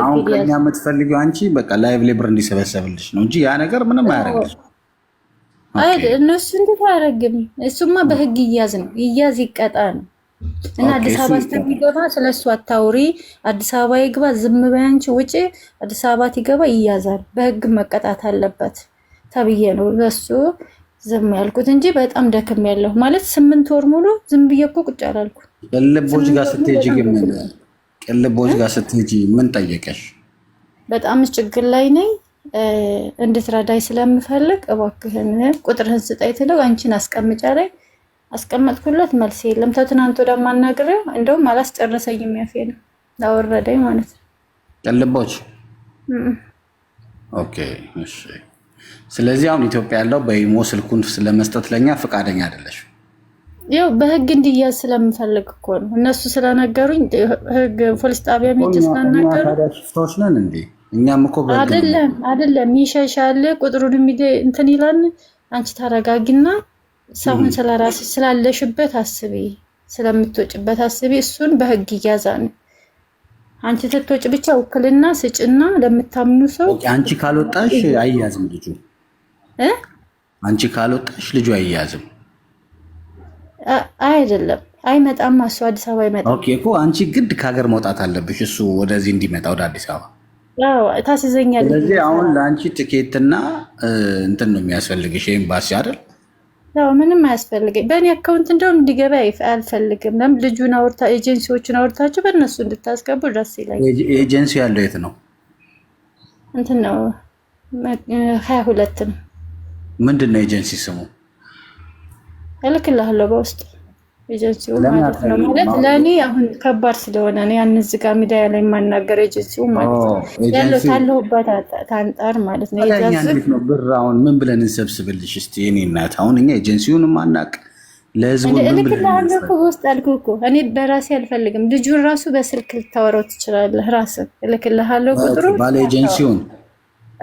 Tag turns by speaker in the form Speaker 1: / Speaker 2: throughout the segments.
Speaker 1: አሁን ከኛ የምትፈልጊው አንቺ በቃ ላይቭ ሌብር እንዲሰበሰብልሽ ነው እንጂ ያ ነገር ምንም እነሱ እንዴት አያደርግም? እሱማ በህግ ይያዝ ነው ይያዝ ይቀጣ ነው። እና አዲስ አበባ አታውሪ፣ አዲስ አበባ ይግባ፣ ዝም በይ አንቺ ውጪ። አዲስ አበባ ይያዛል፣ በህግ መቀጣት አለበት ተብዬ ነው ዝም ያልኩት እንጂ በጣም ደክም ያለሁ ማለት ስምንት ወር ሙሉ ዝም ብዬ እኮ ቁጭ አላልኩ ቅልቦች ጋር ስትሄጂ ግን ምን ቅልቦች ጋር ስትሄጂ ምን ጠየቀሽ? በጣም ችግር ላይ ነኝ እንድትረዳኝ ስለምፈልግ እባክህን ቁጥርህን ስጠኝ ትለው አንቺን አስቀምጫ ላይ አስቀመጥኩለት። መልስ የለም ተትናንት ወደ ማናግሬው እንደውም አላስጨረሰኝ የሚያፌ ነው ላወረደኝ ማለት ነው። ቅልቦች ኦኬ፣ እሺ። ስለዚህ አሁን ኢትዮጵያ ያለው በኢሞ ስልኩን ስለመስጠት ለኛ ፈቃደኛ አይደለሽም። ያው በህግ እንዲያዝ ስለምፈልግ እኮ ነው። እነሱ ስለነገሩኝ ህግ ፖሊስ ጣቢያ ሚጭ ስለነገሩ ሽፍታዎች ነን እንዴ? እኛም እኮ አይደለም አይደለም፣ ይሸሻል ቁጥሩን የሚደ እንትን ይላል። አንቺ ታረጋጊና ሰውን ስለ ስላለሽበት አስቢ፣ ስለምትወጭበት አስቢ። እሱን በህግ እያዛ ነው። አንቺ ስትወጭ ብቻ ውክልና ስጭና ለምታምኑ ሰው። አንቺ ካልወጣሽ አይያዝም ልጁ። አንቺ ካልወጣሽ ልጁ አይያዝም። አይደለም አይመጣም። እሱ አዲስ አበባ አይመጣም እኮ አንቺ ግድ ከሀገር መውጣት አለብሽ፣ እሱ ወደዚህ እንዲመጣ ወደ አዲስ አበባ ታስይዘኛለሽ። ስለዚህ አሁን ለአንቺ ትኬትና እንትን ነው የሚያስፈልግሽ ኤምባሲ አይደል? ምንም አያስፈልገኝ። በእኔ አካውንት እንደውም እንዲገባ አልፈልግም። ለም ልጁን አውርታ ኤጀንሲዎቹን አውርታችሁ በእነሱ እንድታስገቡ ደስ ይለኛል። ኤጀንሲ ያለው የት ነው? እንትን ነው ሀያ ሁለትም ምንድን ነው ኤጀንሲ ስሙ? እልክልሃለሁ በውስጥ ኤጀንሲው ማለት ነው። ማለት ለእኔ አሁን ከባድ ስለሆነ ነው ያን እዚህ ጋር ሚዲያ ላይ የማናገር ኤጀንሲው ማለት ነው ያለው ካለሁበት አንጣር ማለት ነው። ነው ብር አሁን ምን ብለን እንሰብስብልሽ እስቲ የኔ እናት። አሁን እኛ ኤጀንሲውን ማናቅ ለህዝቡ እልክልሃለሁ እኮ በውስጥ አልኩህ እኮ እኔ በራሴ አልፈልግም። ልጁን ራሱ በስልክ ልታወራው ትችላለህ ራስህ። እልክልሃለሁ ቁጥሩ ባለ ኤጀንሲውን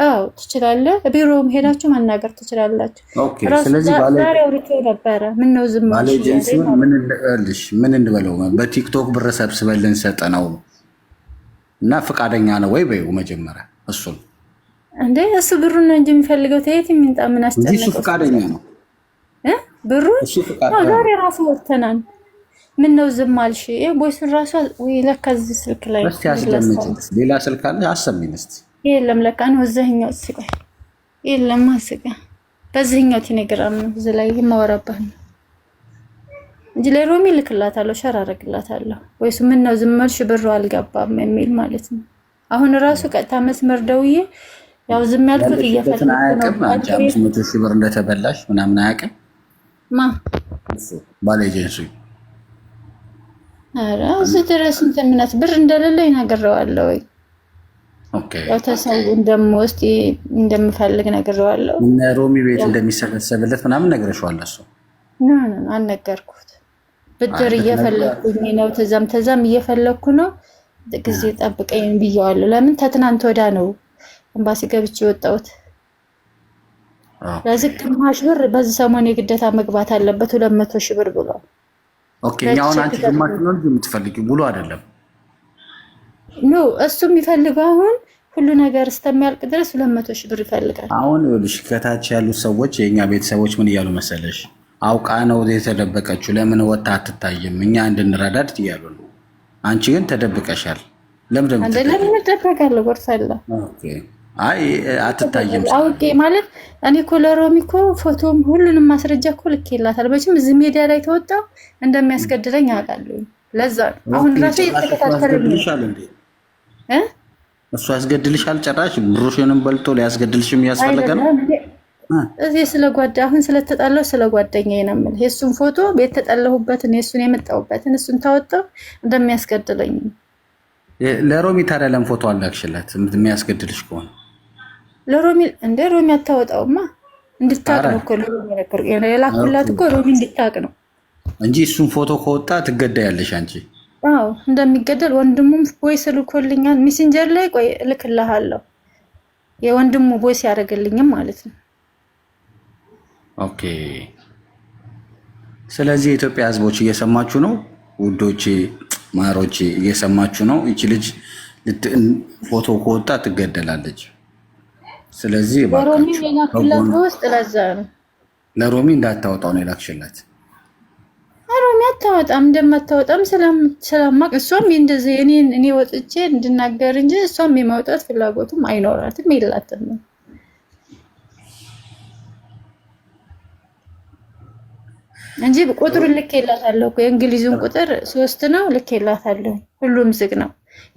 Speaker 1: አዎ ትችላለህ። ቢሮውም ሄዳችሁ ማናገር ትችላላችሁ። ዛሬ አውርቼ ነበረ። ምነው ዝም አለሽ? ምን እንበለው? በቲክቶክ ብር ሰብስበን ልንሰጥ ነው እና ፈቃደኛ ነው ወይ በይው መጀመሪያ። እሱ እንዴ እሱ ብሩን ነው እንጂ የሚፈልገው ተየት የሚንጣ ምን አስጨነቀው? ፈቃደኛ ነው ብሩ። ዛሬ ራሱ ወጥተናል። ምን ነው ዝም አልሽ? ቦይሱን ራሱ ወይ ለካ እዚህ ስልክ ላይ ሌላ ስልክ አለ አሰሚኝ እስኪ የለም ለካ ነው እዚህኛው ስቃ የለም ስቃ በዚህኛው ቴሌግራም ነው እዚህ ላይ የማወራበት ነው እንጂ ለሮሚ ልክላታለሁ፣ ሸር አረግላታለሁ። ወይስ ምን ነው ዝም አልሽ ብሩ አልገባም የሚል ማለት ነው። አሁን ራሱ ቀጥታ መስመር ደውዬ ያው ዝም ያልኩት እየፈለኩ ነው። ሺህ ብር እንደተበላሽ ምናምን አያውቅም ማ ባለ ኤጀንሲ ኧረ እዚህ ድረስ እንትን ብር እንደሌለ ወይ ያው ተሰው እንደምወስድ እንደምፈልግ ነግሬዋለሁ። እነ ሮሚ ቤት እንደሚሰበሰብለት ምናምን ነግረሽዋል? እሱ አልነገርኩት። ብድር እየፈለግኩኝ ነው፣ ተዛም ተዛም እየፈለግኩ ነው፣ ጊዜ ጠብቀኝ ብየዋለሁ። ለምን ተትናንት ወዳ ነው ኤምባሲ ገብቼ የወጣሁት። ለዚህ ግማሽ ብር በዚህ ሰሞን የግደታ መግባት አለበት፣ ሁለት መቶ ሺህ ብር ብሏል። እኛ አሁን አንቺ ግማሽ ነው እንጂ የምትፈልጊው ሙሉ አይደለም ኖ እሱ የሚፈልገው አሁን ሁሉ ነገር እስከሚያልቅ ድረስ ሁለት መቶ ሺህ ብር ይፈልጋል። አሁን ይኸውልሽ ከታች ያሉት ሰዎች የእኛ ቤተሰቦች ምን እያሉ መሰለሽ፣ አውቃ ነው የተደበቀችው፣ ለምን ወታ አትታይም እኛ እንድንረዳድ እያሉ ነው። አንቺ ግን ተደብቀሻል። ለምን ደበቃለ ጎርሳለ አይ አትታየም። አውቄ ማለት እኔ እኮ ለሮሚ እኮ ፎቶም ሁሉንም ማስረጃ እኮ ልኬላታል። መቼም እዚህ ሜዲያ ላይ ተወጣው እንደሚያስገድለኝ አውቃለሁ። ለዛ አሁን ራሴ እየተከታተልኝ እሱ ያስገድልሻል። ጨራሽ ብሩሽንም በልቶ ሊያስገድልሽም እያስፈለገ ነው። እዚህ ስለ ጓዳ አሁን ስለተጣለው ስለ ጓደኛዬ ነው የምልህ። የእሱን ፎቶ የተጠላሁበትን የእሱን የመጣሁበትን እሱን ታወጣው እንደሚያስገድለኝ ለሮሚ ታዲያ ለም ፎቶ አላክሽለት የሚያስገድልሽ ከሆነ ለሮሚ እንደ ሮሚ አታወጣውማ። እንድታቅ ነው እኮ የላኩላት እኮ ሮሚ እንድታቅ ነው እንጂ እሱን ፎቶ ከወጣ ትገዳያለሽ አንቺ አዎ እንደሚገደል ወንድሙም ቮይስ ልኮልኛል። ሚሴንጀር ላይ ቆይ እልክልሃለሁ። የወንድሙ ቮይስ ያደርግልኝም ማለት ነው። ኦኬ። ስለዚህ የኢትዮጵያ ህዝቦች እየሰማችሁ ነው ውዶቼ፣ ማሮቼ እየሰማችሁ ነው። ይቺ ልጅ ፎቶ ከወጣ ትገደላለች። ስለዚህ ለሮሚ እንዳታወጣው ነው የላክሽላት ሮሚ አታወጣም እንደማታወጣም ስለማቅ እሷም እንደዚህ እኔን እኔ ወጥቼ እንድናገር እንጂ እሷም የማውጣት ፍላጎቱም አይኖራትም የላትም። እንጂ ቁጥሩን ልክ እኮ የእንግሊዙን ቁጥር ሶስት ነው ልኬላታለሁ። ሁሉም ዝግ ነው።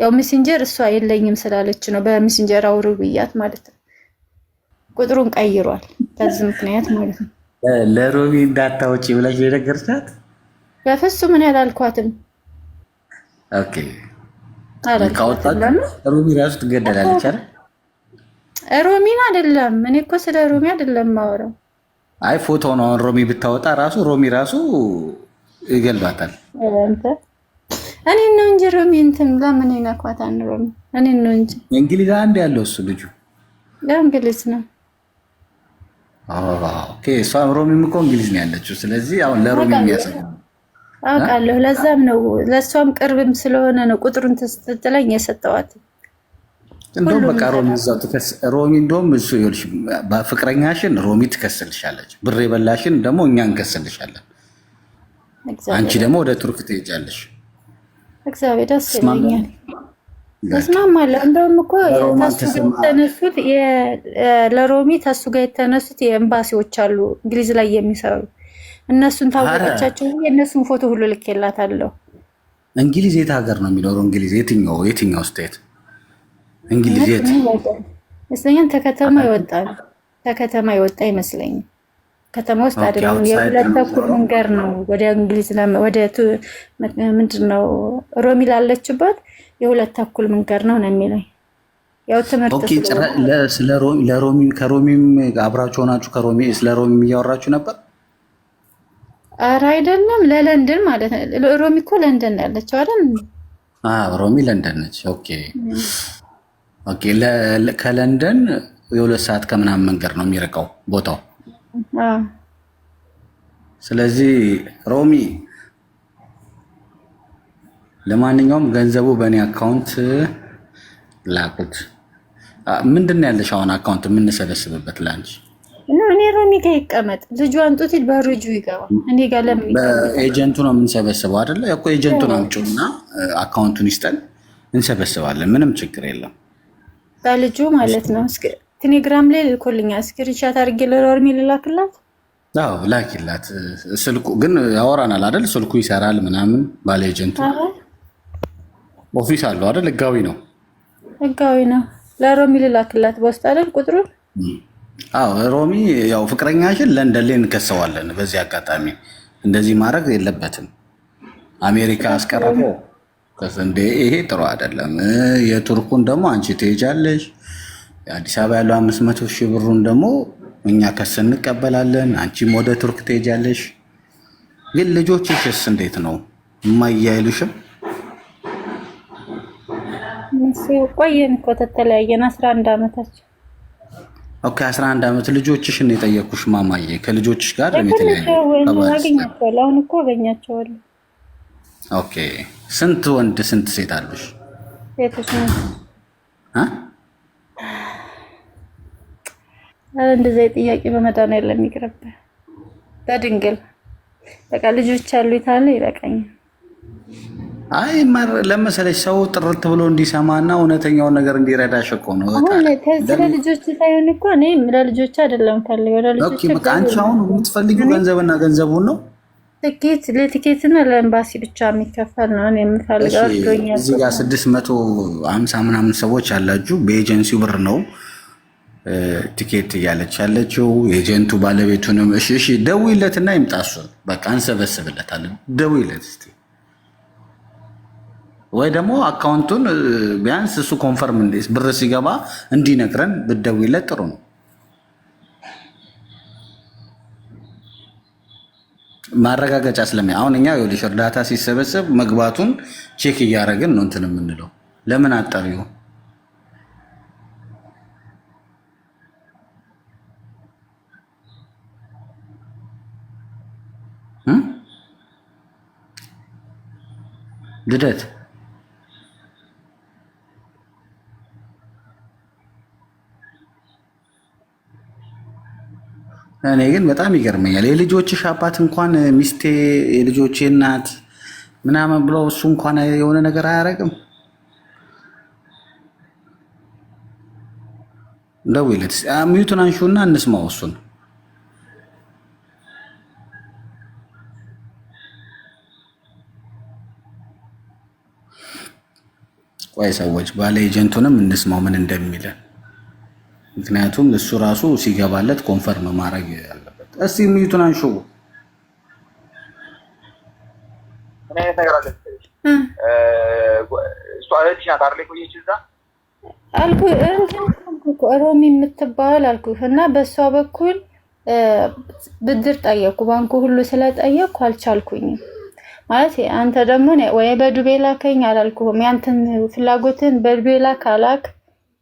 Speaker 1: ያው ሚሴንጀር እሷ የለኝም ስላለች ነው በሚሴንጀር አውሩ ብያት ማለት ነው። ቁጥሩን ቀይሯል በዚህ ምክንያት ማለት ነው። ለሮሚ እንዳታወጪ ብላሽ የነገርቻት በፍጹም እኔ አላልኳትም። ኦኬ ካወጣች ሮሚ ራሱ ትገደላለች አይደል? ሮሚን አይደለም። እኔ እኮ ስለ ሮሚ አይደለም ማወራው። አይ ፎቶ ነው። አሁን ሮሚ ብታወጣ ራሱ ሮሚ ራሱ ይገልባታል። እኔ ነው እንጂ ሮሚ እንትን ለምን ይነኳታል? ሮሚ እኔ ነው እንጂ እንግሊዝ አንድ ያለው እሱ ልጁ እንግሊዝ ነው። ኦኬ እሷ ሮሚም እኮ እንግሊዝ ነው ያለችው። ስለዚህ አሁን ለሮሚ የሚያሰ አውቃለሁ። ለዛም ነው ለእሷም ቅርብም ስለሆነ ነው ቁጥሩን ተስተጥለኝ የሰጠዋት። እንደውም በቃ ሮሚ እዛው ትከስ ሮሚ እንደውም እሱ ይልሽ በፍቅረኛሽን ሮሚ ትከስልሻለች፣ ብር የበላሽን ደግሞ እኛ እንከስልሻለን። አንቺ ደግሞ ወደ ቱርክ ትሄጃለሽ። እግዚአብሔር ደስ ይለኛል። ተስማማለሁ። እንደውም እኮ ተነሱት ለሮሚ ተሱ ጋር የተነሱት የኤምባሲዎች አሉ እንግሊዝ ላይ የሚሰሩ እነሱን ታወቀቻቸው። የእነሱን ፎቶ ሁሉ ልክ የላት አለው። እንግሊዝ የት ሀገር ነው የሚኖረው? እንግሊዝ የትኛው የትኛው ስቴት? እንግሊዝ የት ይመስለኛል። ተከተማ ይወጣ ከከተማ ይወጣ ይመስለኝ። ከተማ ውስጥ አይደለም። የሁለት ተኩል መንገድ ነው ወደ እንግሊዝ ወደ ምንድን ነው ሮሚ ላለችበት የሁለት ተኩል መንገድ ነው ነው የሚለኝ ያው ትምህርት ስለ ከሮሚም አብራችሁ ሆናችሁ ከሮሚ ስለ ሮሚም እያወራችሁ ነበር አረ አይደለም ለለንደን ማለት ነው። ሮሚ እኮ ለንደን ያለችው አይደል? ሮሚ ለንደን ነች። ኦኬ ኦኬ። ከለንደን የሁለት ሰዓት ከምናምን መንገድ ነው የሚርቀው ቦታው። ስለዚህ ሮሚ ለማንኛውም ገንዘቡ በእኔ አካውንት ላኩት። ምንድን ነው ያለሽ አሁን አካውንት የምንሰበስብበት ላንቺ እና እኔ ሮሚ ጋር ይቀመጥ ልጁ አንጡት በርጁ ይገባ። እኔ ጋር ለምን በኤጀንቱ ነው የምንሰበስበው አይደለ እኮ ኤጀንቱ ነው አምጪው እና አካውንቱን ይስጠን እንሰበስባለን። ምንም ችግር የለም። በልጁ ማለት ነው። ቴሌግራም ላይ ልኮልኛ ስክሪንሻት አድርጌ ለሮሚ ልላክላት። አዎ ላኪላት። ስልኩ ግን ያወራናል አይደል? ስልኩ ይሰራል ምናምን። ባለ ኤጀንቱ ኦፊስ አለው አይደል? ህጋዊ ነው፣ ህጋዊ ነው። ለሮሚ ልላክላት በውስጥ አይደል ቁጥሩን አዎ ሮሚ ያው ፍቅረኛሽን ለንደን ላይ እንከሰዋለን። በዚህ አጋጣሚ እንደዚህ ማድረግ የለበትም። አሜሪካ አስቀረበ ከዘንዴ ይሄ ጥሩ አይደለም። የቱርኩን ደግሞ አንቺ ትሄጃለሽ። የአዲስ አበባ ያለው አምስት መቶ ሺህ ብሩን ደግሞ እኛ ከስ እንቀበላለን። አንቺም ወደ ቱርክ ትሄጃለሽ። ግን ልጆችሽስ እንዴት ነው የማያይሉሽም? ቆየን እኮ ተተለያየን አስራ አንድ ኦኬ 11 ዓመት ልጆችሽን የጠየኩሽ ማማዬ ከልጆችሽ ጋር አገኛቸዋለሁ። አሁን እኮ አገኛቸዋለሁ። ኦኬ ስንት ወንድ ስንት ሴት አሉሽ? ሴቶች እንደዚ ጥያቄ በመዳን ያለ በድንግል በቃ ልጆች አሉ ይታለ ይበቃኛል። አይ ማር ለመሰለሽ ሰው ጥርት ብሎ እንዲሰማና እውነተኛውን ነገር እንዲረዳሽ እኮ ነው። ለልጆች ሳይሆን እኮ እኔ ለልጆች አይደለም ፈልገው ለልጆች አንቺ አሁን የምትፈልጊው ገንዘብና ገንዘቡን ነው። ትኬት ለትኬትና ለኤምባሲ ብቻ የሚከፈል ነው እኔ የምፈልገው። እዚህ ጋር ስድስት መቶ ሀምሳ ምናምን ሰዎች አላችሁ። በኤጀንሲው ብር ነው ትኬት እያለች ያለችው ኤጀንቱ ባለቤቱንም እሺ፣ እሺ ደውይለትና ይምጣ እሱን በቃ እንሰበስብለታለን። ደውይለት እስኪ ወይ ደግሞ አካውንቱን ቢያንስ እሱ ኮንፈርም ብር ሲገባ እንዲነግረን ብትደውይለት ጥሩ ነው። ማረጋገጫ ስለሚ አሁን እኛ ይኸውልሽ እርዳታ ሲሰበሰብ መግባቱን ቼክ እያደረግን ነው እንትን የምንለው ለምን አጠሪው ልደት እኔ ግን በጣም ይገርመኛል። የልጆችሽ አባት እንኳን ሚስቴ የልጆች እናት ምናምን ብሎ እሱ እንኳን የሆነ ነገር አያደርግም። ደውይለት ሚዩቱን አንሹና እንስማው እሱን ቆይ ሰዎች ባለ ኤጀንቱንም እንስማው ምን እንደሚለን። ምክንያቱም እሱ ራሱ ሲገባለት ኮንፈርም ማድረግ አለበት። እስቲ ሚዩቱን አንሹ። ሮሚ የምትባል አልኩ እና በእሷ በኩል ብድር ጠየኩ። ባንኩ ሁሉ ስለጠየኩ አልቻልኩኝም። ማለት አንተ ደግሞ ወይ በዱቤ ላከኝ አላልኩም። ያንተን ፍላጎትን በዱቤ ላክ አላክ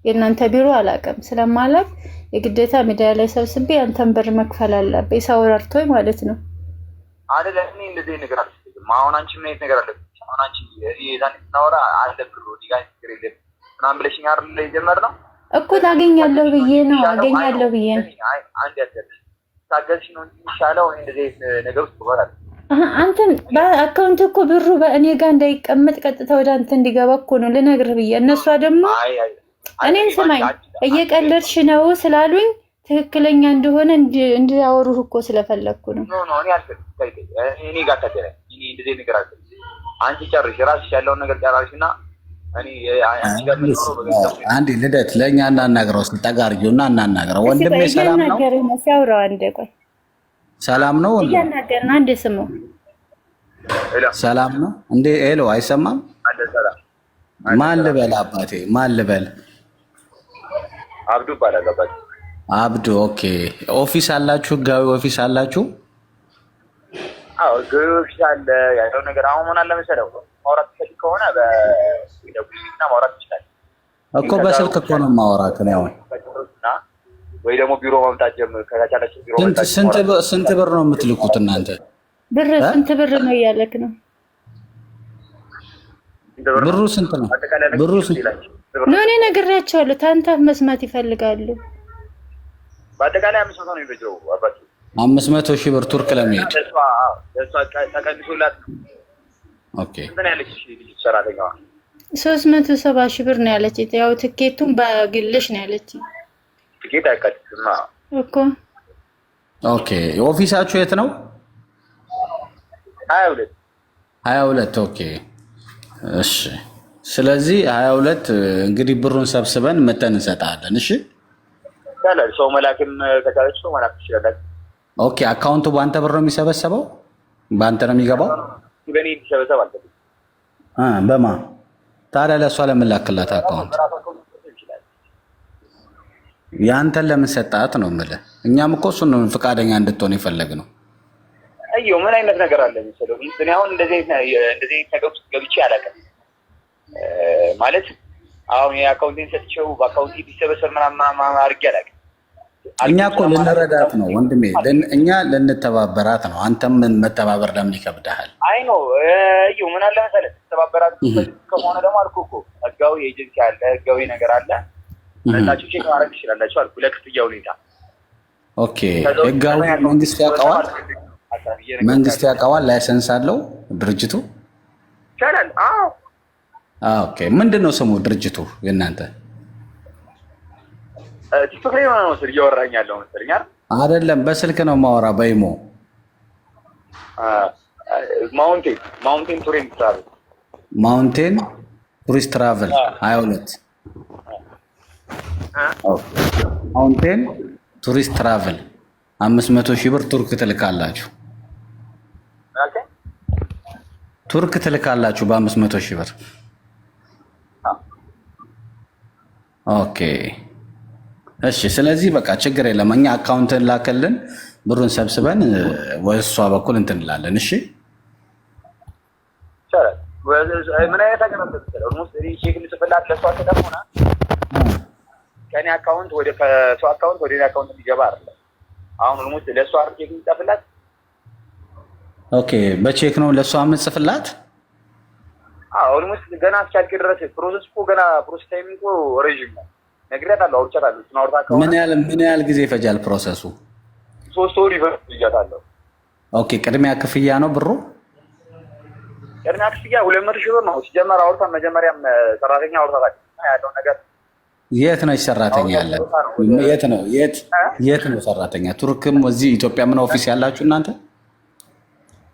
Speaker 1: የእናንተ ቢሮ አላውቅም ስለማላውቅ የግዴታ ሚዲያ ላይ ሰብስቤ አንተን ብር መክፈል አለብኝ። ሰው ረድቶኝ ማለት ነው አይደል? እኔ እንደዚህ ነገር አልፈልግም። አሁን አንቺ ምን አይነት ነገር አሁን አንቺ ስናወራ አለ ብሩ ችግር የለም ምናምን ብለሽኝ እኮ ታገኛለሁ ብዬ ነው አገኛለሁ ብዬ ነው። አንድ ያደለ ታገዝሽ ነው የሚሻለው። እንደዚህ ነገር ውስጥ አንተን በአካውንት እኮ ብሩ በእኔ ጋር እንዳይቀመጥ ቀጥታ ወደ አንተ እንዲገባ እኮ ነው ልነግርህ ብዬ እነሷ ደግሞ እኔን ስማኝ፣ እየቀለድሽ ነው ስላሉኝ ትክክለኛ እንደሆነ እንዲያወሩ እኮ ስለፈለግኩ ነው። እኔ ጋር እንደዚህ ነገር አለ። አንቺ ጨርሽ፣ ራስሽ ያለውን ነገር ጨራሽ እና አንዴ ልደት ለእኛ እናናግረው፣ ስልጠጋርዩ እና እናናግረው። ወንድሜ ሰላም ነው አንዴ ቆይ፣ ሰላም ነው አንዴ ስሙ፣ ሰላም ነው እንዴ? ሄሎ፣ አይሰማም? ማን ልበል አባቴ፣ ማን ልበል? አብዱ ይባላል። አባቴ አብዱ። ኦኬ። ኦፊስ አላችሁ? ህጋዊ ኦፊስ አላችሁ? አዎ፣ ህጋዊ ኦፊስ አለ። ያለው ነገር አሁን ምን አለ መሰለው፣ ማውራት ትፈልግ ከሆነ በደቡብና ማውራት ይችላል እኮ። በስልክ እኮ ነው ማውራት ነው አሁን ወይ ደግሞ ቢሮ ማምጣት ጀምር። ከቻላችሁ ቢሮ ስንት ብር ነው የምትልኩት እናንተ? ብር ስንት ብር ነው እያለክ ነው? ብሩ ስንት ነው? ብሩ ስንት ነው? ነው። ለእኔ ነግሬያቸዋለሁ። ታንታፍ መስማት ይፈልጋሉ። በአጠቃላይ አምስት መቶ ነው የሚበጀው። አባቱ አምስት መቶ ሺህ ብር ቱርክ ለመሄድ ተቀንሶላት ሰራተኛዋ ሶስት መቶ ሰባ ሺህ ብር ነው ያለች። ያው ትኬቱን በግልሽ ነው ያለች። ትኬት አይካትትማ እኮ ኦኬ። ኦፊሳችሁ የት ነው? ሀያ ሁለት ሀያ ሁለት ኦኬ። እሺ ስለዚህ ሀያ ሁለት እንግዲህ ብሩን ሰብስበን መተን እንሰጣለን። እሺ ይቻላል። ሰው መላክም ከቻለች ሰው መላክ ትችላላችሁ። ኦኬ አካውንቱ በአንተ ብር ነው የሚሰበሰበው? በአንተ ነው የሚገባው? በእኔ የሚሰበሰብ አለ በማ ታዲያ ለእሷ ለምን ላክላት? አካውንት ያንተን ለምን ሰጣት ነው የምልህ። እኛም እኮ እሱን ነው ፈቃደኛ እንድትሆን የፈለግነው። አየሁ ምን አይነት ነገር አለ መሰለህ። እኔ አሁን እንደዚህ ነገር ውስጥ ገብቼ አላውቅም ማለት አሁን የአካውንቲን ሰጥቼው በአካውንቲ ቢሰበሰብ ምናምን አድርጌ አላውቅም። እኛ እኮ ልንረዳት ነው ወንድሜ፣ እኛ ልንተባበራት ነው። አንተም ምን መተባበር ለምን ይከብድሃል? አይ ነው እዩ ምን አለ መሰለህ፣ ተባበራት ከሆነ ደግሞ አልኩ እኮ ህጋዊ ኤጀንሲ አለ፣ ህጋዊ ነገር አለ መጣችሁ ቼክ ማድረግ ትችላላችሁ አልኩ ለክፍያ ሁኔታ። ኦኬ ህጋዊ መንግስት ያውቀዋል፣ መንግስት ያውቀዋል። ላይሰንስ አለው ድርጅቱ ይቻላል። አዎ ኦኬ፣ ምንድን ነው ስሙ ድርጅቱ የእናንተ? ቲክቶክ ላይ የሆነ ነው እያወራኝ ያለው መሰለኝ። አይደለም በስልክ ነው ማወራ። በይሞ ማውንቴን ማውንቴን ቱሪስት ትራቭል፣ ማውንቴን ቱሪስት ትራቨል ሀያ ሁለት ማውንቴን ቱሪስት ትራቨል አምስት መቶ ሺህ ብር ቱርክ ትልካላችሁ ቱርክ ትልካላችሁ በአምስት መቶ ሺህ ብር ኦኬ እሺ። ስለዚህ በቃ ችግር የለም። እኛ አካውንትን ላከልን ብሩን ሰብስበን ወሷ በኩል እንትን እንላለን። እሺ ምን አይነት ከኔ አካውንት ወደ አካውንት ወደ አካውንት አሁን ለእሷ ቼክ የሚጽፍላት ኦኬ፣ በቼክ ነው ለእሷ የምጽፍላት ኦልሞስት ገና እስኪያልቅ ድረስ ፕሮሰስ እኮ ገና ፕሮሰስ ታይሚንግ እኮ ረዥም ነው። ነግሬያታለሁ፣ አውርቻታለሁ። እሱን አውርታ ከሆነ ምን ያህል ምን ያህል ጊዜ ይፈጃል ፕሮሰሱ? ሶስት ወር ይፈጃል እያታለሁ። ኦኬ፣ ቅድሚያ ክፍያ ነው ብሩ? ቅድሚያ ክፍያ ሁለት መቶ ሺህ ብር ነው። ሲጀመር አውርታ መጀመሪያም ሰራተኛ አውርታታለች ያለው ነገር የት ነች ሰራተኛ ያለ? የት ነው የት የት ነው ሰራተኛ? ቱርክም እዚህ ኢትዮጵያ ምን ኦፊስ ያላችሁ እናንተ?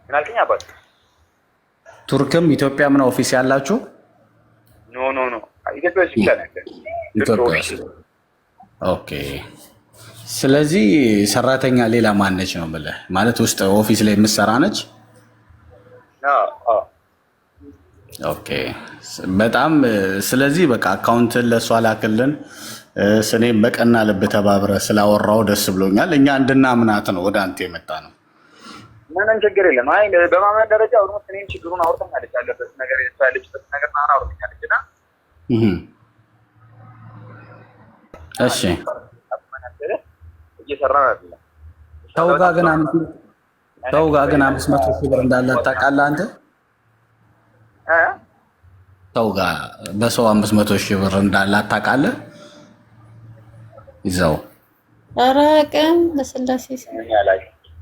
Speaker 1: ምን አልከኝ አባት ቱርክም ኢትዮጵያም ነው ኦፊስ ያላችሁ? ኖ ኖ ኖ ኢትዮጵያ ኦኬ ስለዚህ ሰራተኛ ሌላ ማነች ነው ብለ ማለት ውስጥ ኦፊስ ላይ የምትሰራ ነች? ኦኬ በጣም ስለዚህ በቃ አካውንትን ለእሷ ላክልን። ስኔ በቀና ልብ ተባብረ ስላወራው ደስ ብሎኛል። እኛ እንድናምናት ነው ወደ አንተ የመጣ ነው። ምንም ችግር የለም። አይ በማመን ደረጃ ኦልሞስት እኔም ችግሩን አውርተኛለች ያለበት ነገር ያለችበት ነገር ናሆን አውርተኛለች እና እሺ እየሰራ ነው። ተውጋ ግን ግን አምስት መቶ ሺህ ብር እንዳለ ታውቃለህ አንተ በሰው አምስት መቶ ሺህ ብር እንዳለ ታውቃለህ ይዘው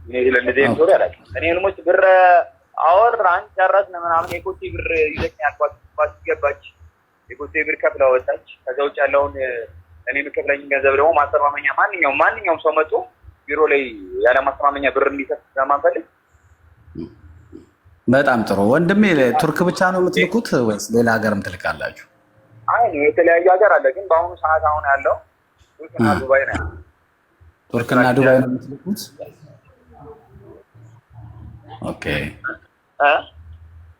Speaker 1: ስለዚህ ዞሪ አላውቅም። እኔ ህልሞች ብር አወራን ጨረስን ምናምን የኮቴ ብር ይዘኝ አልኳት ባስገባች የኮቴ ብር ከፍላ ወጣች። ከዛ ውጭ ያለውን እኔ የምከፍለኝ ገንዘብ ደግሞ ማስተማመኛ ማንኛውም ማንኛውም ሰው መጡ ቢሮ ላይ ያለ ማስተማመኛ ብር እንዲሰጥ ስለማንፈልግ በጣም ጥሩ ወንድሜ። ቱርክ ብቻ ነው የምትልኩት ወይስ ሌላ ሀገርም ትልካላችሁ? አይ የተለያዩ ሀገር አለ፣ ግን በአሁኑ ሰዓት አሁን ያለው ቱርክና ዱባይ ነው። ቱርክና ዱባይ ነው የምትልኩት? ኦኬ።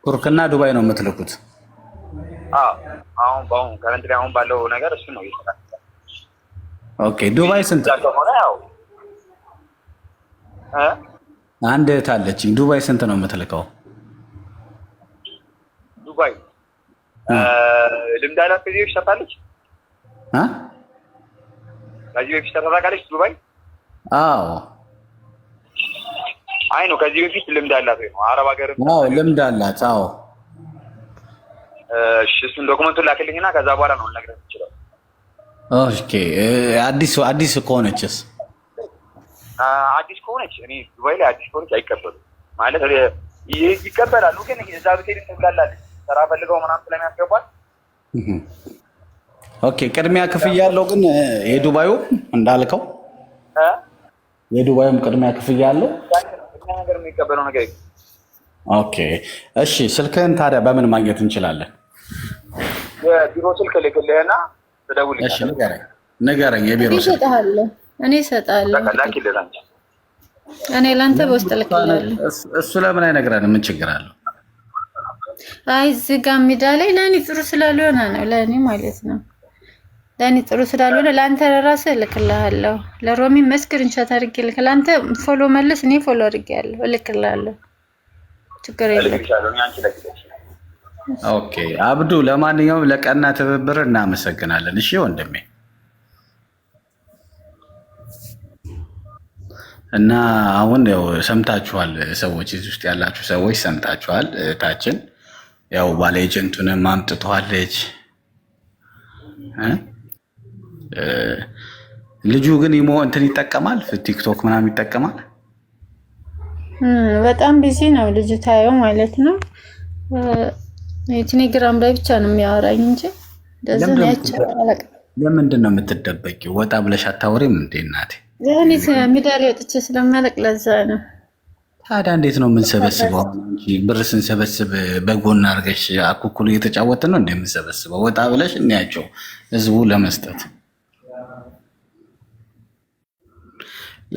Speaker 1: ቱርክና ዱባይ ነው የምትልኩት? አሁን በአሁን ከረንትሪ አሁን ባለው ነገር እሱ ነው ይሰራል። ኦኬ። ዱባይ ስንት አንድ እህት አለችኝ። ዱባይ ስንት ነው የምትልቀው? ዱባይ ልምድ አላት። ከዚህ በፊት ሰርታለች። ከዚህ በፊት ሰርታ ታውቃለች ዱባይ? አዎ አይ ነው ከዚህ በፊት ልምድ አላት ወይ ነው? አረብ ሀገር ልምድ አላት። አዎ እሺ፣ እሱን ዶክመንቱን ላክልኝና ከዛ በኋላ ነው ልነግርህ የምችለው። ኦኬ። አዲስ አዲስ ከሆነችስ? አዲስ ከሆነች እኔ ዱባይ ላይ አዲስ ከሆነች አይቀበሉ ማለት ይቀበላሉ፣ ግን እዛ ብትሄድ ትብላለች ስራ ፈልገው ምናምን ስለሚያስገባል ኦኬ። ቅድሚያ ክፍያ አለው ግን የዱባዩ እንዳልከው የዱባዩም ቅድሚያ ክፍያ አለው። የሚቀበለው ነገር ኦኬ። እሺ፣ ስልክህን ታዲያ በምን ማግኘት እንችላለን? የቢሮ ስልክ ልክልህና ትደውልልኝ። ንገረኝ። የቢሮ ስልክ እኔ እሰጥሃለሁ። እኔ ለአንተ በውስጥ ልክልሃለሁ። እሱ ለምን አይነግረንም? ምን ችግር አለው? አይ እዚህ ጋ ሜዳ ላይ ለእኔ ጥሩ ስላልሆነ ነው ለእኔ ማለት ነው ለእኔ ጥሩ ስላልሆነ ለአንተ ለራስህ እልክልሃለሁ። ለሮሚ መስክር እንቻት አድርጌ ልክ ለአንተ ፎሎ መለስ እኔ ፎሎ ያለሁ እልክልሃለሁ። ችግር የለም። ኦኬ አብዱ፣ ለማንኛውም ለቀና ትብብር እናመሰግናለን። እሺ ወንድሜ እና አሁን ያው ሰምታችኋል፣ ሰዎች እዚህ ውስጥ ያላችሁ ሰዎች ሰምታችኋል። እህታችን ያው ባለ ኤጀንቱንም አምጥተዋለች። ልጁ ግን ኢሞ እንትን ይጠቀማል፣ ቲክቶክ ምናምን ይጠቀማል። በጣም ቢዚ ነው ልጁ ታየው ማለት ነው። ቴሌግራም ላይ ብቻ ነው የሚያወራኝ እንጂ ለምንድን ነው የምትደበቂው? ወጣ ብለሽ አታወሪም እንዴ እናቴ? ሚዲያ ሚዳር ወጥቼ ስለማለቅ ለዛ ነው። ታዲያ እንዴት ነው የምንሰበስበው? ብር ስንሰበስብ በጎን አድርገሽ አኩኩሉ እየተጫወትን ነው እንደምንሰበስበው። ወጣ ብለሽ እንያቸው ህዝቡ ለመስጠት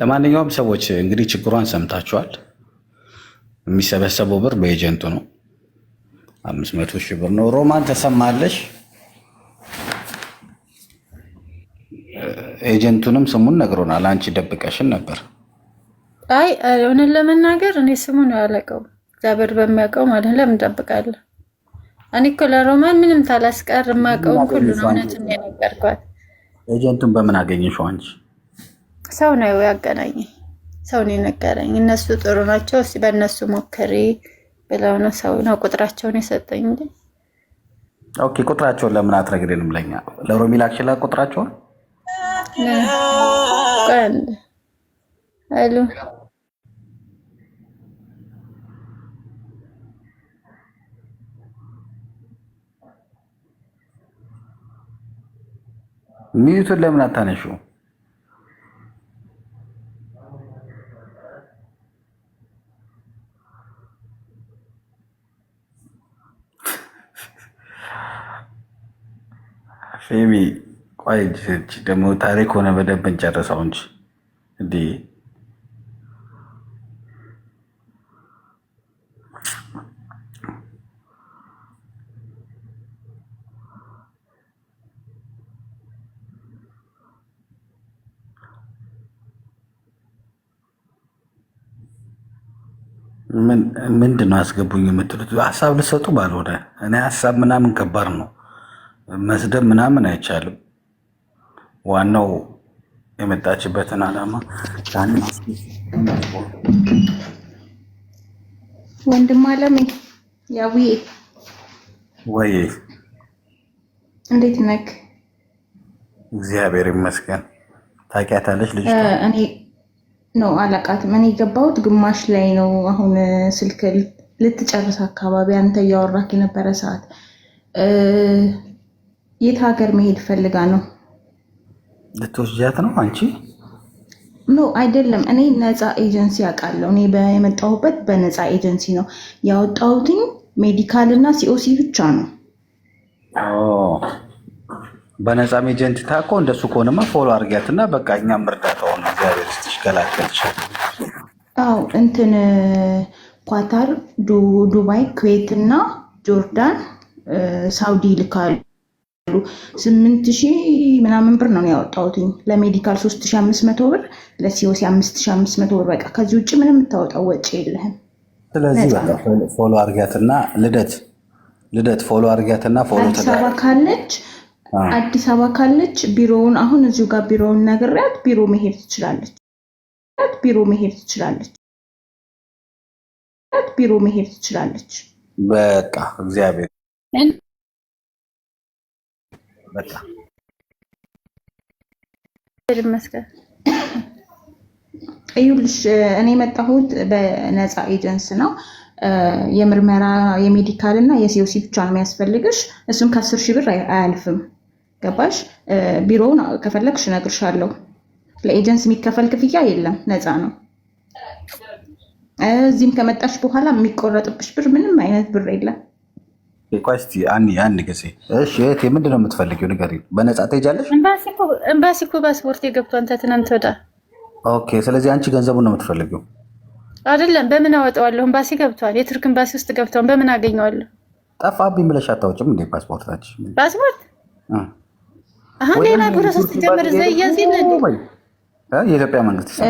Speaker 1: ለማንኛውም ሰዎች እንግዲህ ችግሯን ሰምታችኋል። የሚሰበሰበው ብር በኤጀንቱ ነው። አምስት መቶ ሺህ ብር ነው። ሮማን ተሰማለሽ፣ ኤጀንቱንም ስሙን ነግሮናል። አንቺ ደብቀሽን ነበር። አይ እውነት ለመናገር እኔ ስሙን ያለቀው እግዚአብሔር በሚያውቀው ማለት ለምን ጠብቃለሁ? እኔ እኮ ለሮማን ምንም ታላስቀር የማውቀውን ሁሉ ነው እውነት ነገርኳት። ኤጀንቱን በምን አገኘሽው አንቺ? ሰው ነው ያገናኝ ሰው ነው የነገረኝ። እነሱ ጥሩ ናቸው፣ እስቲ በእነሱ ሞክሪ ብለው ነው ሰው ነው ቁጥራቸውን የሰጠኝ እንጂ። ኦኬ ቁጥራቸውን ለምን አትነግሪንም? ለኛ ለሮሚ ላክሽላት ቁጥራቸውን። አሉ ሚዩቱን ለምን አታነሺው? ፌቢ ቆይ ደግሞ ታሪክ ሆነ በደንብ እንጨርሰው እንጂ እንዲ ምንድን ነው አስገቡኝ የምትሉት ሀሳብ ልሰጡ ባልሆነ እኔ ሀሳብ ምናምን ከባድ ነው። መስደብ ምናምን አይቻልም። ዋናው የመጣችበትን ዓላማ ወንድም አለሜ ያውዬ ወይ እንዴት ነክ? እግዚአብሔር ይመስገን። ታውቂያታለች ልጅ? እኔ ነው አላውቃትም። እኔ የገባሁት ግማሽ ላይ ነው። አሁን ስልክ ልትጨርስ አካባቢ አንተ እያወራክ የነበረ ሰዓት የት ሀገር መሄድ ፈልጋ ነው? ልትወስጃት ነው አንቺ? ኖ አይደለም። እኔ ነፃ ኤጀንሲ አውቃለሁ። እኔ የመጣሁበት በነፃ ኤጀንሲ ነው ያወጣሁትኝ። ሜዲካል እና ሲኦሲ ብቻ ነው። በነፃም ኤጀንት ታኮ እንደሱ ከሆነማ ፎሎ አድርጊያት እና በቃ እኛም እርዳታውን እግዚአብሔር ስትሽገላገልች አው እንትን ኳታር፣ ዱባይ፣ ኩዌት እና ጆርዳን፣ ሳውዲ ይልካሉ። ያሉ ስምንት ሺህ ምናምን ብር ነው ያወጣሁትኝ ለሜዲካል ሶስት ሺህ አምስት መቶ ብር ለሲዮሲ አምስት ሺህ አምስት መቶ ብር በቃ ከዚህ ውጭ ምንም የምታወጣው ወጪ የለህም ስለዚህ ፎሎ አርጊያትና ልደት ልደት ፎሎ አርጊያትና ፎሎ አዲስ ካለች አዲስ አበባ ካለች ቢሮውን አሁን እዚሁ ጋር ቢሮውን ነግሬያት ቢሮ መሄድ ትችላለች ቢሮ መሄድ ትችላለች ቢሮ መሄድ ትችላለች በቃ እግዚአብሔር በቃ ይኸውልሽ እኔ የመጣሁት በነፃ ኤጀንስ ነው። የምርመራ የሜዲካል እና የሲኦሲ ብቻ ነው የሚያስፈልግሽ። እሱም ከአስር ሺህ ብር አያልፍም። ገባሽ? ቢሮውን ከፈለግሽ እነግርሻለሁ። ለኤጀንስ የሚከፈል ክፍያ የለም፣ ነፃ ነው። እዚህም ከመጣሽ በኋላ የሚቆረጥብሽ ብር ምንም አይነት ብር የለም። ቆይ እስኪ አንድ ጊዜ እሺ፣ እህቴ ምንድን ነው የምትፈልጊው? ንገሪኝ። በነፃ ትሄጃለሽ? ኤምባሲ እኮ ፓስፖርት የገብቷ አንተ ትናንት ወዳ። ኦኬ፣ ስለዚህ አንቺ ገንዘቡን ነው የምትፈልጊው? አይደለም። በምን አወጣዋለሁ? ኤምባሲ ገብቷል። የቱርክ ኤምባሲ ውስጥ ገብቷል። በምን አገኘዋለሁ? ጠፋብኝ ብለሽ አታወጭም እንዴ ፓስፖርታችን? ፓስፖርት አሁን ሌላ ፕሮሰስ ትጀምር ዘያዚህ ነ የኢትዮጵያ መንግስት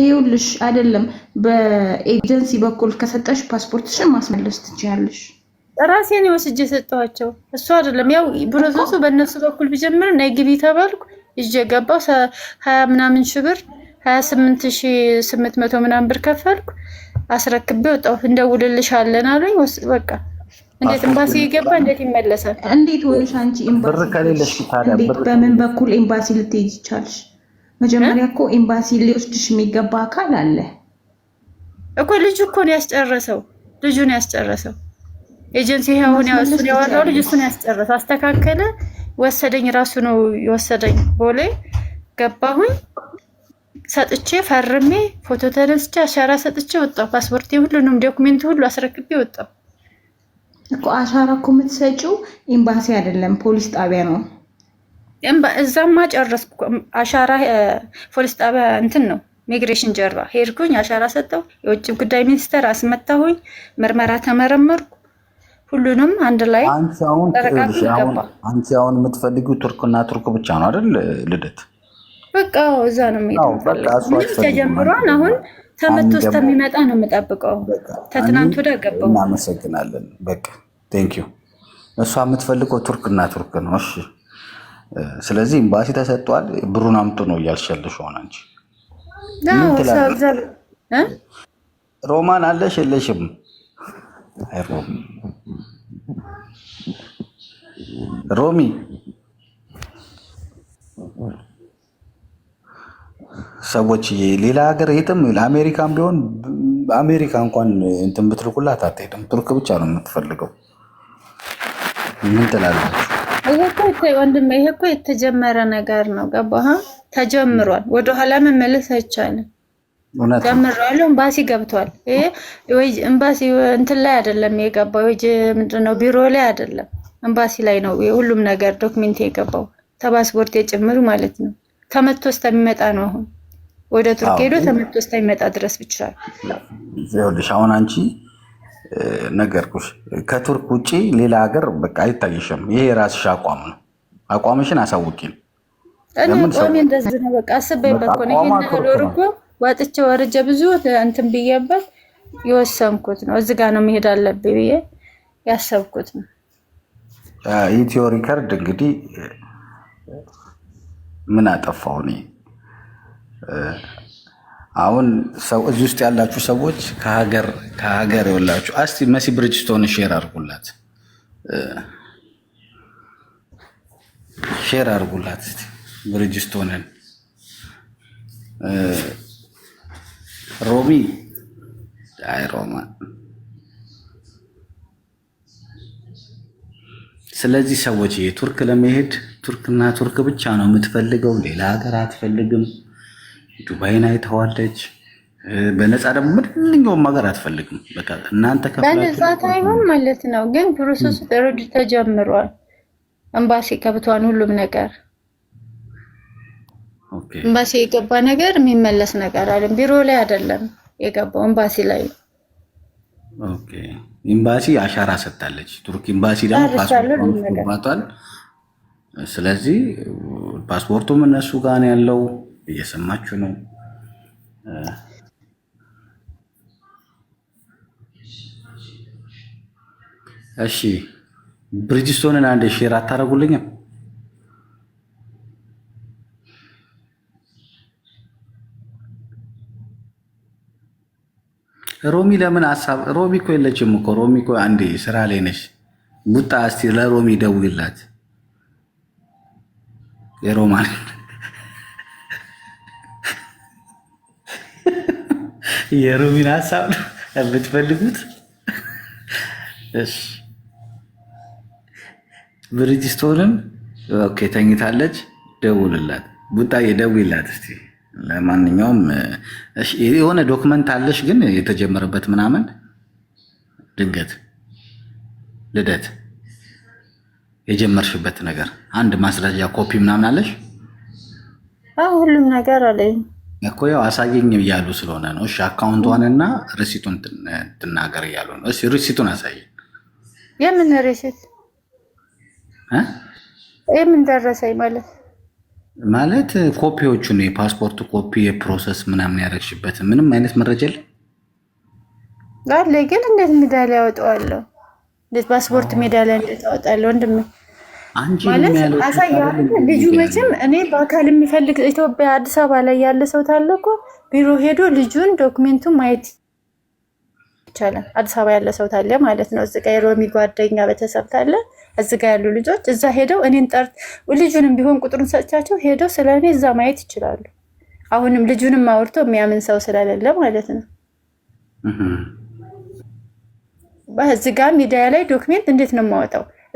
Speaker 1: ይኸውልሽ፣ አይደለም በኤጀንሲ በኩል ከሰጠሽ ፓስፖርትሽን ማስመለስ ትችያለሽ። ራሴን ወስጄ የሰጠኋቸው እሱ አይደለም። ያው ፕሮሰሱ በእነሱ በኩል ቢጀምር ነይ ግቢ ተባልኩ ይዤ ገባሁ። ሀያ ምናምን ሺህ ብር ሀያ ስምንት ሺ ስምንት መቶ ምናምን ብር ከፈልኩ። አስረክቤ ወጣሁ። እንደውልልሻለን አሉኝ። በቃ እንዴት ኤምባሲ የገባ እንዴት ይመለሳል? እንዴት ሆነሽ አንቺ ኤምባሲ በምን በኩል ኤምባሲ ልትሄጂ ይቻልሽ? መጀመሪያ እኮ ኤምባሲ ሊወስድሽ የሚገባ አካል አለ እኮ። ልጁ እኮ ነው ያስጨረሰው። ልጁ ነው ያስጨረሰው ኤጀንሲ ሆን እሱን ያወራው ልጅ እሱን ያስጨረሰ አስተካከለ፣ ወሰደኝ። ራሱ ነው የወሰደኝ። ቦሌ ገባሁኝ፣ ሰጥቼ ፈርሜ ፎቶ ተነስቼ አሻራ ሰጥቼ ወጣሁ። ፓስፖርቴ፣ ሁሉንም ዶክመንት ሁሉ አስረክቤ ወጣሁ እኮ። አሻራ እኮ የምትሰጪው ኤምባሲ አይደለም ፖሊስ ጣቢያ ነው። እዛማ ጨረስኩ። አሻራ ፖሊስ ጣቢያ እንትን ነው ሚግሬሽን ጀርባ ሄድኩኝ፣ አሻራ ሰጠው የውጭ ጉዳይ ሚኒስቴር አስመታሁኝ፣ ምርመራ ተመረመርኩ። ሁሉንም አንድ ላይ አንቺ አሁን የምትፈልጊው ቱርክና ቱርክ ብቻ ነው አይደል? ልደት በቃ እዛ ነው የሚሄድ ተጀምሯን አሁን ተመቶ እስከሚመጣ ነው የምጠብቀው። ከትናንት ወደ ገባው። እናመሰግናለን። በቃ ቴንኪው። እሷ የምትፈልገው ቱርክና ቱርክ ነው። እሺ፣ ስለዚህ ኤምባሲ ተሰጥቷል። ብሩን አምጡ ነው እያልሸልሽ ሆነ አንቺ ሮማን አለሽ የለሽም? አይቆም። ሮሚ ሰዎች ሌላ ሀገር የትም አሜሪካን ቢሆን አሜሪካ እንኳን እንትን ብትልኩላት አትሄድም። ቱርክ ብቻ ነው የምትፈልገው። ምን ትላለህ? ወንድሜ ይሄ እኮ የተጀመረ ነገር ነው። ገባህ? ተጀምሯል። ወደኋላ መመለስ አይቻልም። ጀምሬያለሁ። ኤምባሲ ገብቷል። ወይ ኤምባሲ እንትን ላይ አይደለም የገባው ወይ ምንድን ነው ቢሮ ላይ አይደለም ኤምባሲ ላይ ነው የሁሉም ነገር ዶክሜንት የገባው ተፓስፖርት የጭምሩ ማለት ነው። ተመቶ እስከሚመጣ ነው አሁን ወደ ቱርክ ሄዶ ተመቶ እስከሚመጣ ድረስ ብቻ ይኸውልሽ። አሁን አንቺ ነገርኩሽ፣ ከቱርክ ውጪ ሌላ ሀገር በቃ አይታይሽም። ይሄ የራስሽ አቋም ነው። አቋምሽን አሳውቂም። እኔ አቋሜ እንደዚህ ነው። በቃ አስበይበት ኮነ ይሄን ወጥቼ ወርጄ ብዙ እንትን ብዬበት የወሰንኩት ነው። እዚህ ጋር ነው መሄድ አለብኝ ብዬ ያሰብኩት ነው። ይህ ቲዮሪ ከርድ እንግዲህ ምን አጠፋው እኔ አሁን ሰው እዚህ ውስጥ ያላችሁ ሰዎች ከሀገር ከሀገር የወላችሁ አስቲ መሲ ብሪጅስቶን ሼር አርጉላት፣ ሼር አድርጉላት ብሪጅስቶንን ሮሚ አይ ሮማ። ስለዚህ ሰዎች የቱርክ ለመሄድ ቱርክና ቱርክ ብቻ ነው የምትፈልገው፣ ሌላ ሀገር አትፈልግም። ዱባይን አይተዋለች። በነፃ ደግሞ ማንኛውም ሀገር አትፈልግም። በቃ እናንተ በነፃ ታይሆን ማለት ነው። ግን ፕሮሰሱ ተጀምሯል። ኤምባሲ ከብቷን ሁሉም ነገር ኤምባሲ የገባ ነገር የሚመለስ ነገር አለም። ቢሮ ላይ አይደለም የገባው ኤምባሲ ላይ ኤምባሲ አሻራ ሰጥታለች ቱርክ። ኤምባሲ ደግሞ ስለዚህ ፓስፖርቱም እነሱ ጋር ነው ያለው። እየሰማችሁ ነው። እሺ ብሪጅስቶንን አንድ ሼር አታደርጉልኝም? ሮሚ ለምን ሀሳብ ሮሚ እኮ የለችም እኮ ሮሚ እኮ አንዴ ስራ ላይ ነች። ቡጣ እስቲ ለሮሚ ደውላት የሮማን የሮሚን ሀሳብ የምትፈልጉት ብሪጅስቶንም ኦኬ፣ ተኝታለች። ደውልላት ቡጣ፣ የደዊላት እስቲ ለማንኛውም የሆነ ዶክመንት አለሽ ግን የተጀመረበት ምናምን ድንገት ልደት የጀመርሽበት ነገር አንድ ማስረጃ ኮፒ ምናምን አለሽ? ሁሉም ነገር አለኝ እኮ ያው አሳየኝ እያሉ ስለሆነ ነው። እሺ እና ሪሲቱን ትናገር እያሉ ነው። እሺ ሪሲቱን አሳየ። የምን ሪሲት የምን ደረሰኝ ማለት ማለት ኮፒዎቹ ነው የፓስፖርት ኮፒ የፕሮሰስ ምናምን ያደረግሽበት ምንም አይነት መረጃ የለም አለ። ግን እንዴት ሜዳሊያ ያወጣዋለሁ? እንዴት ፓስፖርት ሜዳሊያ እንዴት አወጣለሁ? ወንድም ማለት አሳየዋል። ልጁ መቼም እኔ በአካል የሚፈልግ ኢትዮጵያ አዲስ አበባ ላይ ያለ ሰው ታለ እኮ ቢሮ ሄዶ ልጁን ዶክሜንቱን ማየት ይቻላል። አዲስ አበባ ያለ ሰው ታለ ማለት ነው። እዚህ ጋ የሮሚ ጓደኛ ቤተሰብ ታለ እዚ ጋ ያሉ ልጆች እዛ ሄደው እኔን ጠርት ልጁንም ቢሆን ቁጥሩን ሰጥቻቸው ሄደው ስለ እኔ እዛ ማየት ይችላሉ። አሁንም ልጁንም አውርቶ የሚያምን ሰው ስለሌለ ማለት ነው። እዚህ ጋ ሚዲያ ላይ ዶክሜንት እንዴት ነው የማወጣው?